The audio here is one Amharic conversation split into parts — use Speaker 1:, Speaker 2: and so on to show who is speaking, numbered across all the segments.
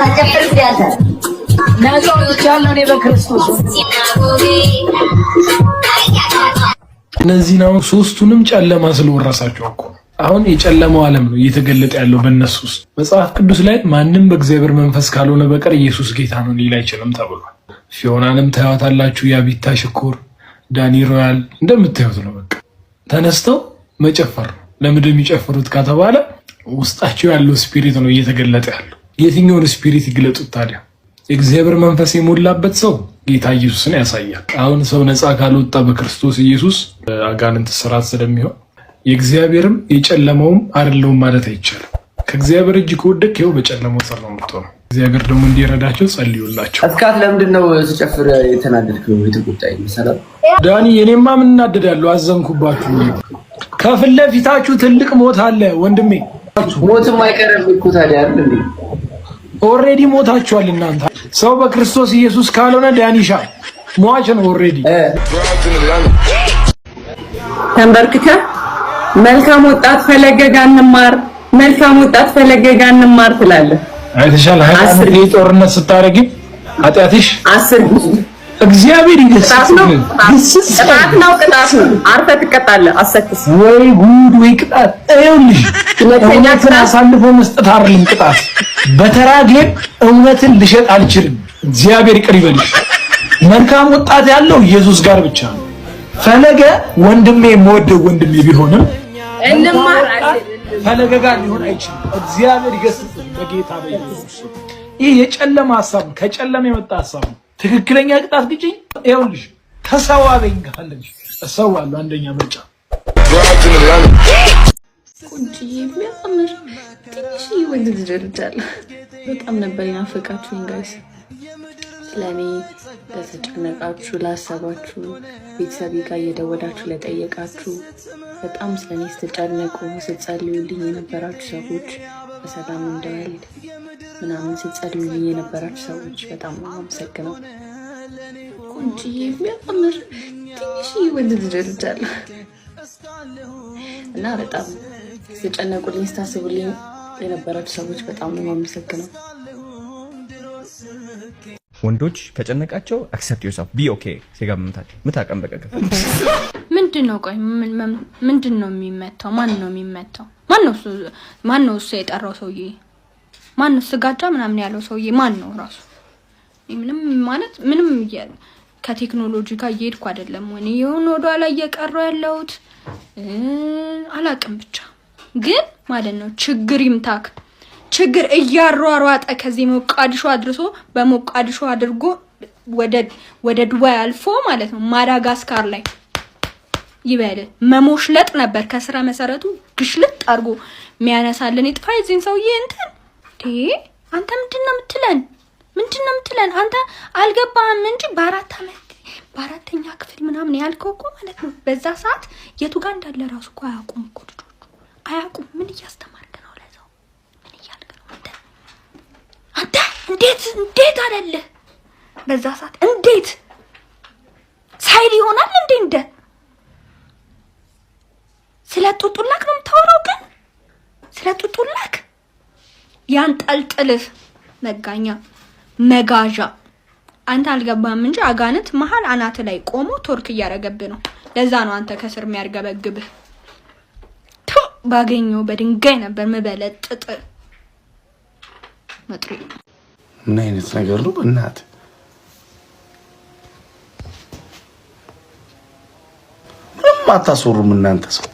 Speaker 1: ነፃ እነዚህን አሁን ሶስቱንም ጨለማ ስለወረሳቸው እኮ አሁን የጨለማው ዓለም ነው እየተገለጠ ያለው በእነሱ ውስጥ። መጽሐፍ ቅዱስ ላይ ማንም በእግዚአብሔር መንፈስ ካልሆነ በቀር ኢየሱስ ጌታ ነው ሊል አይችልም ተብሏል። ፊዮናንም ታዩታላችሁ፣ የአቢታ ሽኩር፣ ዳኒ ሮያል እንደምታዩት ነው። በቃ ተነስተው መጨፈር ነው። ለምንድን የሚጨፍሩት ከተባለ ውስጣቸው ያለው ስፒሪት ነው እየተገለጠ ያለው። የትኛውን ስፒሪት ይግለጡት ታዲያ? እግዚአብሔር መንፈስ የሞላበት ሰው ጌታ ኢየሱስን ያሳያል። አሁን ሰው ነፃ ካልወጣ በክርስቶስ ኢየሱስ አጋንንት ስራት ስለሚሆን የእግዚአብሔርም የጨለመውም አይደለውም ማለት አይቻልም። ከእግዚአብሔር እጅ ከወደቅ ይኸው በጨለመው ስር ነው የምትሆነው። እግዚአብሔር ደግሞ እንዲረዳቸው ጸልዩላቸው።
Speaker 2: እስካት ለምንድን ነው ስጨፍር የተናደድክ? የተቆጣኝ መሰለህ
Speaker 1: ዳኒ? እኔማ ምን እናደዳለሁ? አዘንኩባችሁ። ከፊት ለፊታችሁ ትልቅ ሞት አለ ወንድሜ።
Speaker 2: ሞትም አይቀርም እኮ ታዲያ አይደል እንዴ?
Speaker 1: ኦሬዲ ሞታችኋል እናንተ። ሰው በክርስቶስ ኢየሱስ ካልሆነ ዳኒሻ ሟች ነው። ኦሬዲ
Speaker 2: ተንበርክከ መልካም ወጣት ፈለገ ጋር እንማር፣ መልካም ወጣት ፈለገ ጋር እንማር ትላለህ።
Speaker 1: አይተሻል ጦርነት ስታረጊ ኃጢአትሽ አስር ጊዜ እግዚአብሔር
Speaker 2: ይደስት ነው። ቅጣት ነው፣ ቅጣት ነው። ትቀጣለህ። አሰክስ ወይ ጉድ ወይ ቅጣት። ይኸውልሽ እውነትን አሳልፎ መስጠት አይደለም ቅጣት። በተራ ጌም እውነትን ልሸጥ አልችልም። እግዚአብሔር ይቅር ይበልሽ። መልካም ወጣት ያለው ኢየሱስ ጋር ብቻ ነው። ፈለገ ወንድሜ የምወደው ወንድሜ ቢሆንም ፈለገ ጋር ሊሆን አይችልም። እግዚአብሔር ይገስጽ በጌታ በኢየሱስ ይህ ሀሳብ ከጨለማ የመጣ ሀሳብ ነው። ትክክለኛ ቅጣት ግጭ ይኸውልሽ፣ ተሰዋበኝ ካለች እሰዋለሁ። አንደኛ ምርጫ ቁንጭ የሚያምር ትንሽ ወንድ ልጅ ወልጃለሁ። በጣም ነበር የናፈቃችሁኝ ጋይስ። ለእኔ ለተጨነቃችሁ፣ ላሰባችሁ፣ ቤተሰብ ጋር እየደወዳችሁ ለጠየቃችሁ፣ በጣም ስለእኔ ስትጨነቁ ስትጸልዩልኝ የነበራችሁ ሰዎች በሰላም እንዳይሄድ ምናምን ሲጸልዩ የነበራችሁ ሰዎች በጣም አመሰግነው። ቁንጭ የሚያምር ትንሽ ወንድ ልጅ እና በጣም ስጨነቁልኝ ስታስቡልኝ የነበራችሁ ሰዎች በጣም ነው የማመሰግነው። ወንዶች ከጨነቃቸው አክሰፕት ዮርሰልፍ ቢ ኦኬ ሴጋ ምታቀን በቀቀ ምንድን ነው? ቆይ ምንድን ነው የሚመታው? ማን ነው የሚመታው? ማን ነው እሱ? ማን ነው እሱ የጠራው ሰውዬ? ማን ነው ስጋጃ ምናምን ያለው ሰውዬ ማን ነው ራሱ? ምንም ማለት ምንም ከቴክኖሎጂ ጋር እየሄድኩ አይደለም። ወይኔ የሆነ ወደኋላ እየቀረሁ ያለሁት አላቅም። ብቻ ግን ማለት ነው ችግር ይምታክ ችግር እያሯሯጠ ከዚህ ሞቃዲሾ አድርሶ በሞቃዲሾ አድርጎ ወደ ዱባይ አልፎ ማለት ነው ማዳጋስካር ላይ ይበል መሞሽለጥ ነበር ከስራ መሰረቱ ግሽልጥ አድርጎ የሚያነሳልን ይጥፋ። የዚህን ሰውዬ እንትን አንተ ምንድን ነው የምትለን? ምንድን ነው የምትለን? አንተ አልገባህም እንጂ በአራት ዓመት በአራተኛ ክፍል ምናምን ያልከው እኮ ማለት ነው። በዛ ሰዓት የቱ ጋር እንዳለ ራሱ እኮ አያውቁም እኮ ልጆቹ አያውቁም። ምን እያስተማርክ ነው? ለዛው ምን እያልክ ነው አንተ? አንተ እንዴት እንዴት አለልህ በዛ ሰዓት እንዴት ሳይል ይሆናል እንዴ እንደ ስለ ጡጡላክ ነው የምታወራው? ግን ስለ ጡጡላክ ያን ያንጠልጥልህ መጋኛ መጋዣ አንተ አልገባህም እንጂ አጋንንት መሀል አናት ላይ ቆሞ ቶርክ እያረገብህ ነው። ለዛ ነው አንተ ከስር የሚያርገበግብህ። ቶ ባገኘው በድንጋይ ነበር ምበለጥጥ። መጥሪ ምን አይነት ነገር ነው እናት? ምንም አታስወሩም እናንተ ሰው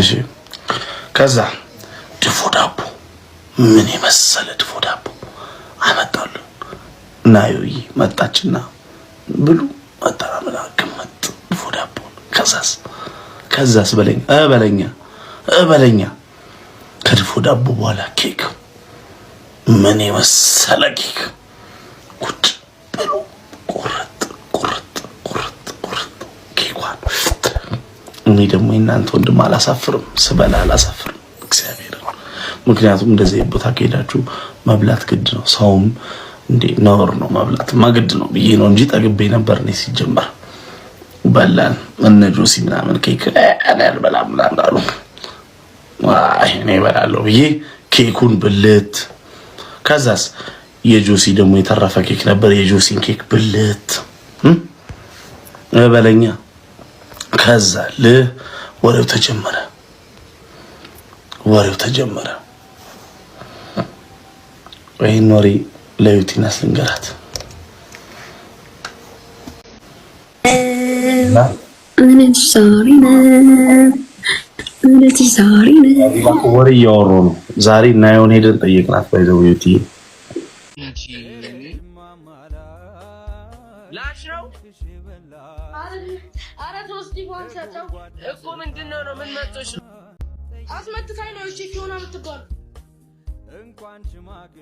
Speaker 2: እሺ ከዛ ድፎ ዳቦ ምን የመሰለ ድፎ ዳቦ አመጣሉ እና ዮይ መጣችና ብሉ መጠራምላ ግመጥ ድፎ ዳቦ ከዛስ ከዛስ በለኛ በለኛ በለኛ ከድፎ ዳቦ በኋላ ኬክ ምን የመሰለ ኬክ እኔ ደግሞ የእናንተ ወንድም አላሳፍርም፣ ስበላ አላሳፍርም እግዚአብሔር። ምክንያቱም እንደዚህ ቦታ ከሄዳችሁ መብላት ግድ ነው። ሰውም እንዴ ነውር ነው መብላት ግድ ነው ብዬ ነው እንጂ ጠግቤ ነበር እኔ ሲጀመር። በላን እነ ጆሲ ምናምን ኬክ ያልበላ ምናምን አሉ። እኔ እበላለሁ ብዬ ኬኩን ብልት ከዛስ የጆሲ ደግሞ የተረፈ ኬክ ነበር። የጆሲን ኬክ ብልት በለኛ ከዛ ልህ ወሬው ተጀመረ፣ ወሬው ተጀመረ። ይህን ወሬ ለዩቲና ስንገራት ወሬ እያወሩ ነው። ዛሬ እናየውን ሄደን ጠየቅናት ባይዘው ዩቲ ኧረ ሶስት ሊሆን ሰጠው እኮ ምንድን ነው? ምን መጥቶሽ አስመትታኝ ነው እሺ ሆና የምትባል እንኳን ሽማግሌ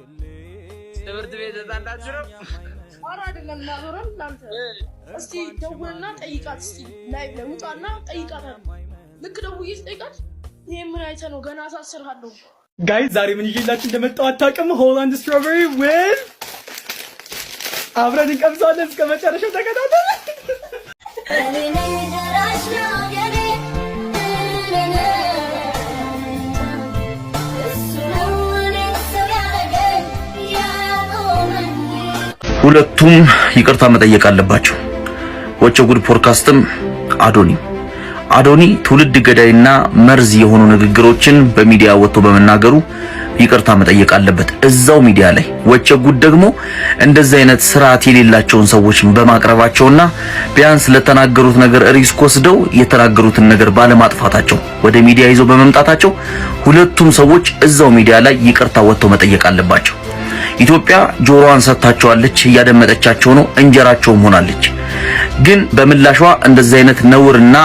Speaker 2: ትምህርት ቤት ተጣላችሁ ነው? ኧረ አይደለም። እናዞረን እናንተ እስቲ ደውልና ጠይቃት። እስቲ ላይ ለውጣና ልክ ደውዬ ስጠይቃት ይሄ ምን ነው ገና አሳስርሃለሁ። ጋይ ዛሬ ምን ይዤላችሁ እንደመጣሁ አታውቅም። ሆላንድ ስትሮበሪ ዊዝ አብረን እንቀምሰዋለን። እስከ መጨረሻው ሁለቱም ይቅርታ መጠየቅ አለባቸው። ወቸው ጉድ ፖድካስትም አዶኒም አዶኒ ትውልድ ገዳይና መርዝ የሆኑ ንግግሮችን በሚዲያ ወጥቶ በመናገሩ ይቅርታ መጠየቅ አለበት። እዛው ሚዲያ ላይ ወቸጉድ ደግሞ እንደዚህ አይነት ስርዓት የሌላቸውን ሰዎች በማቅረባቸውና ቢያንስ ለተናገሩት ነገር ሪስክ ወስደው የተናገሩትን ነገር ባለማጥፋታቸው ወደ ሚዲያ ይዘው በመምጣታቸው ሁለቱም ሰዎች እዛው ሚዲያ ላይ ይቅርታ ወጥተው መጠየቅ አለባቸው። ኢትዮጵያ ጆሮዋን ሰጥታቸዋለች፣ እያደመጠቻቸው ነው፣ እንጀራቸውም ሆናለች። ግን በምላሿ እንደዚህ አይነት ነውርና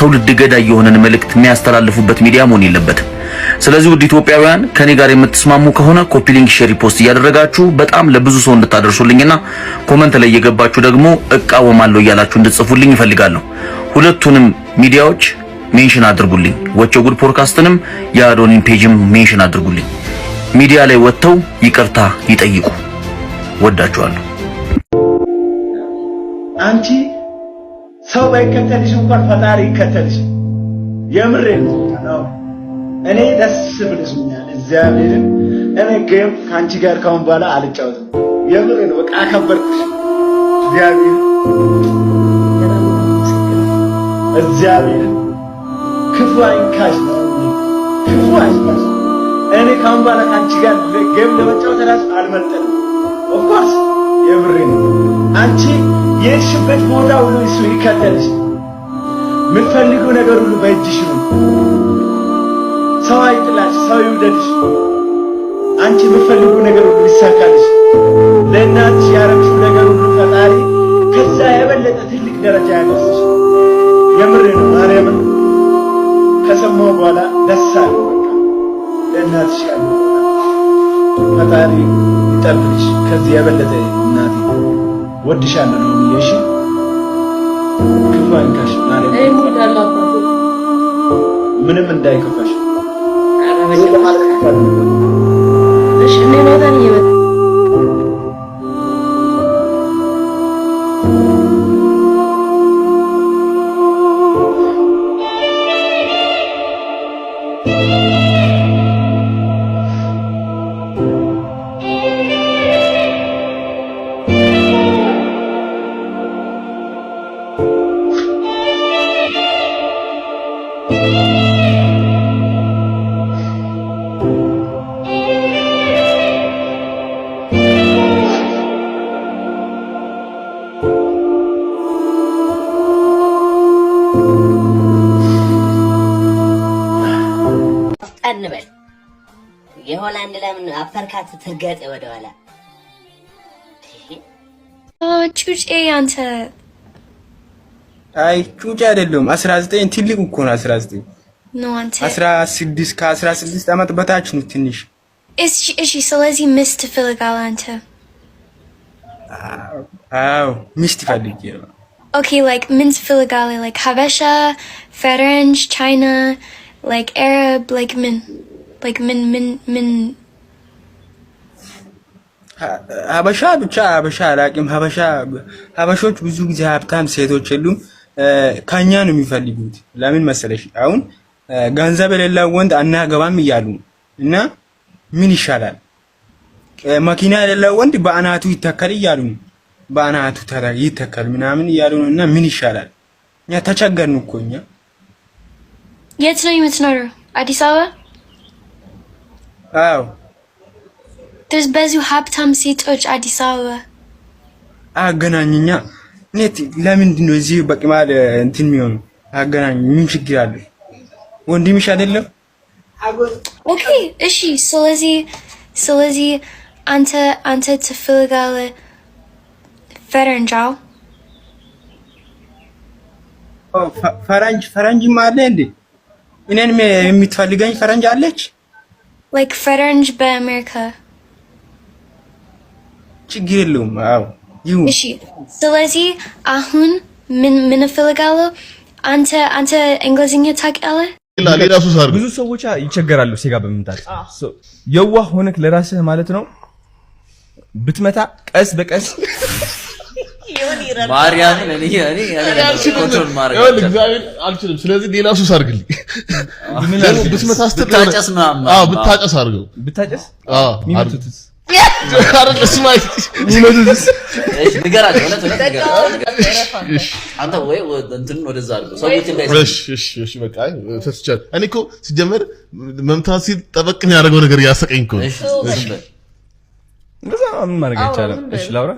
Speaker 2: ትውልድ ገዳይ የሆነን መልእክት የሚያስተላልፉበት ሚዲያ መሆን የለበትም። ስለዚህ ውድ ኢትዮጵያውያን ከኔ ጋር የምትስማሙ ከሆነ ኮፒ ሊንክ፣ ሼር፣ ፖስት እያደረጋችሁ በጣም ለብዙ ሰው እንድታደርሱልኝና ኮመንት ላይ እየገባችሁ ደግሞ እቃወማለሁ እያላችሁ እንድትጽፉልኝ ይፈልጋለሁ። ሁለቱንም ሚዲያዎች ሜንሽን አድርጉልኝ። ወቾ ጉድ ፖድካስትንም የአዶኒን ፔጅም ሜንሽን አድርጉልኝ። ሚዲያ ላይ ወጥተው ይቅርታ ይጠይቁ። ወዳችኋለሁ። አንቺ ሰው ባይከተልሽ እንኳን ፈጣሪ ይከተልሽ። የምር ነው። እኔ ደስ ብለሽኛል። እግዚአብሔርን እኔ ጌም ከአንቺ ጋር ካሁን በኋላ አልጫወትም። የምር ነው። በቃ አከበርኩሽ። እግዚአብሔር እግዚአብሔር ክፉ አይንካሽ፣ ክፉ አይንካሽ። እኔ ካሁን በኋላ ከአንቺ ጋር ጌም ለመጫወት ራሱ አልመጠንም። ኦፍኮርስ የምሬ ነው አንቺ የሄድሽበት ቦታ ሁሉ እሱ ይከተልሽ። የምትፈልጊው ነገር ሁሉ በእጅሽ ነው። ሰው አይጥላሽ፣ ሰው ይውደድሽ። አንቺ የምትፈልጊው ነገር ሁሉ ይሳካልሽ። ለእናትሽ ያረግሽው ነገር ሁሉ ፈጣሪ ከዛ የበለጠ ትልቅ ደረጃ ያደርስሽ። የምር ነው። ማርያምን ከሰማው በኋላ ደስ አለ። ለእናትሽ ያለ ፈጣሪ ይጠብቅሽ ከዚህ የበለጠ እናቴ ወድሻለሁ ነው የሚለሽ። ክፉ አይንካሽ ምንም እንዳይከፋሽ አፐርካት ትርገጤ ወደኋላ ጩጬ አንተ። አይ ጩጬ አይደለም። 19 ትልቁ እኮ ነው። 19 16 ከ16 ዓመት በታች ነው ትንሽ። እሺ፣ እሺ። ስለዚህ ሚስት ትፈልጋለህ አንተ? አዎ ሚስት ፈልጌ ነው። ኦኬ ላይክ ምን ትፈልጋለህ? ላይክ ሀበሻ፣ ፈረንጅ፣ ቻይና ላይክ አረብ ላይክ ምን ላይክ ምን ምን ምን ሀበሻ ብቻ ሀበሻ አላቂም ሀበሻ ሀበሾች ብዙ ጊዜ ሀብታም ሴቶች የሉም፣ ከኛ ነው የሚፈልጉት። ለምን መሰለሽ አሁን ገንዘብ የሌለው ወንድ አናገባም እያሉ እና ምን ይሻላል? መኪና የሌለው ወንድ በአናቱ ይተከል እያሉ በአናቱ ይተከል ምናምን እያሉ ነው። እና ምን ይሻላል? እኛ ተቸገርን እኮ እኛ። የት ነው የምትኖረው? አዲስ አበባ? አዎ ትርስ በዚሁ ሀብታም ሴቶች አዲስ አበባ አገናኝኛ ኔት ለምንድን ነው እዚህ በቅማል እንትን የሚሆኑ አገናኝ ምን ችግር አለ? ወንድምሽ አይደለም? ኦኬ እሺ። ስለዚህ ስለዚህ አንተ አንተ ትፈልጋለህ ፈረንጃው ፈረንጅ ፈረንጅ አለ እንዴ? እኔን የምትፈልገኝ ፈረንጅ አለች? ላይክ ፈረንጅ በአሜሪካ ችግር የለውም። አዎ ይሁን። እሺ፣ ስለዚህ አሁን ምን ምን እፈልጋለሁ? አንተ አንተ እንግሊዝኛ ታውቃለህ? ብዙ ሰዎች ይቸገራሉ ሴጋ በመምታት የዋህ ሆነክ ለራስህ ማለት ነው ብትመታ ቀስ በቀስ አልችልም። ስለዚህ ሌላ ሱስ አድርግልኝ። ብትመታ ብታጨስ አድርገው ብታጨስ ሲጀመር መምታት ሲል ጠበቅ የሚያደርገው ነገር ያሰቀኝ እኮ ምን ማድረግ አይቻልም። እሺ ላውራ።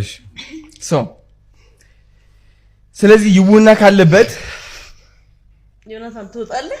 Speaker 2: እሺ ስለዚህ ይውና ካለበት ዮናታን ትወጣለህ።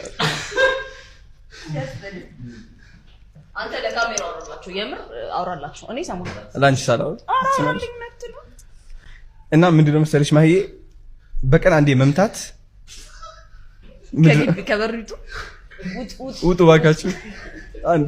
Speaker 2: አንተ ለካሜራ አውራላችሁ፣ የምር አውራላችሁ። እኔ እና ምንድን ነው መሰለሽ ማህዬ በቀን አንዴ መምታት ከበሪቱ ውጡ እባካችሁ አንዴ